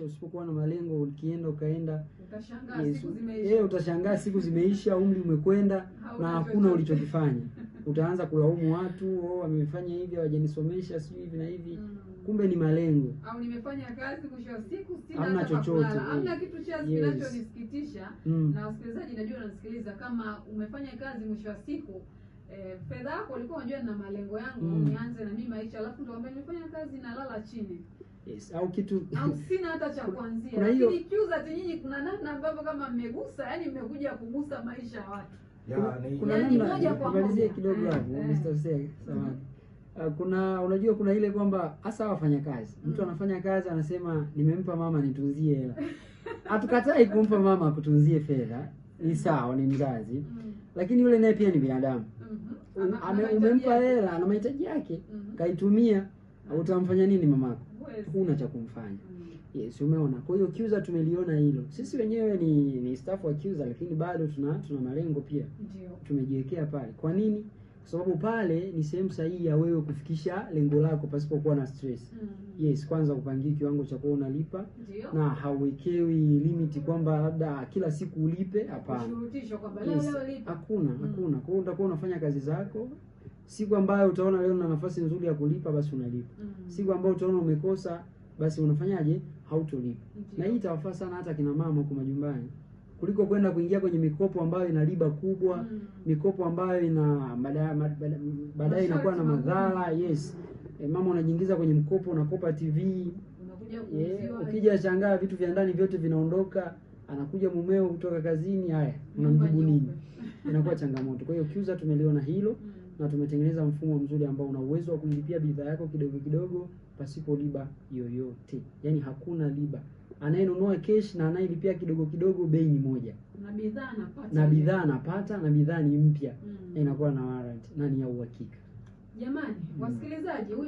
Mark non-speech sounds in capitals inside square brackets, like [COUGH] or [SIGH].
ukiacha usipokuwa na malengo, ukienda ukaenda, utashangaa yes, siku zimeisha. Eh, utashangaa siku zimeisha, umri umekwenda na hakuna ulichokifanya. [LAUGHS] Utaanza kulaumu watu, oh, wamefanya hivi, hawajanisomesha, sijui hivi na hivi. Mm. Kumbe ni malengo. Au nimefanya kazi kusha siku sina hamna chochote. Hamna kitu cha yes, kinachonisikitisha. Mm. Na wasikilizaji, najua wanasikiliza kama umefanya kazi mwisho wa siku Eh, fedha yako ulikuwa unajua na malengo yangu mm. nianze na mimi maisha alafu ndo ambaye nimefanya kazi na lala chini. Yes, au kitu au sina hata cha kuanzia. Lakini cues ati nyinyi kuna namna ambavyo kama mmegusa, yani mmekuja kugusa maisha ya watu. Kuna namna moja kidogo eh, hapo eh. Mr. Sey. Ah, kuna unajua kuna ile kwamba hasa wafanya kazi, Mtu mm. anafanya kazi anasema nimempa mama nitunzie hela. Hatukatai kumpa mama kutunzie fedha. Ni sawa, ni mzazi. Mm. Lakini yule naye pia ni binadamu. Mm-hmm. Umempa hela ana mahitaji yake, mm-hmm. kaitumia, mm. utamfanya nini mamako? huna cha kumfanya mm. Yes, umeona. Kwa hiyo kiuza tumeliona hilo sisi wenyewe ni, ni staff wa kiuza lakini bado tuna tuna malengo pia tumejiwekea pale. Kwa nini? Kwa sababu pale ni sehemu sahihi ya wewe kufikisha lengo lako pasipokuwa na stress mm. Yes, kwanza upangie kiwango cha kuwa unalipa Ndiyo. na hauwekewi limiti kwamba labda kila siku ulipe, hapana. Yes, hakuna mm. hakuna. Kwa hiyo utakuwa unafanya kazi zako Siku ambayo utaona leo na nafasi nzuri ya kulipa, basi unalipa. mm -hmm. Siku ambayo utaona umekosa, basi unafanyaje? Hautolipa. mm -hmm. Na hii itawafaa sana hata kina mama huko majumbani kuliko kwenda kuingia kwenye mikopo ambayo ina riba kubwa. mm -hmm. Mikopo ambayo ina baadaye inakuwa na madhara. Yes. E, mama unajiingiza kwenye mkopo, unakopa TV Yeah, ukija shangaa vitu vya ndani vyote vinaondoka, anakuja mumeo kutoka kazini, haya unamjibu nini? Inakuwa changamoto. Kwa hiyo kiuza tumeliona hilo. mm na tumetengeneza mfumo mzuri ambao una uwezo wa kulipia bidhaa yako kidogo kidogo pasipo liba yoyote, yaani hakuna liba Anayenunua cash na anayelipia kidogo kidogo, bei ni moja, na bidhaa anapata na bidhaa anapata na bidhaa ni mpya, mm. inakuwa na warranty na ni ya uhakika. Jamani mm. wasikilizaji,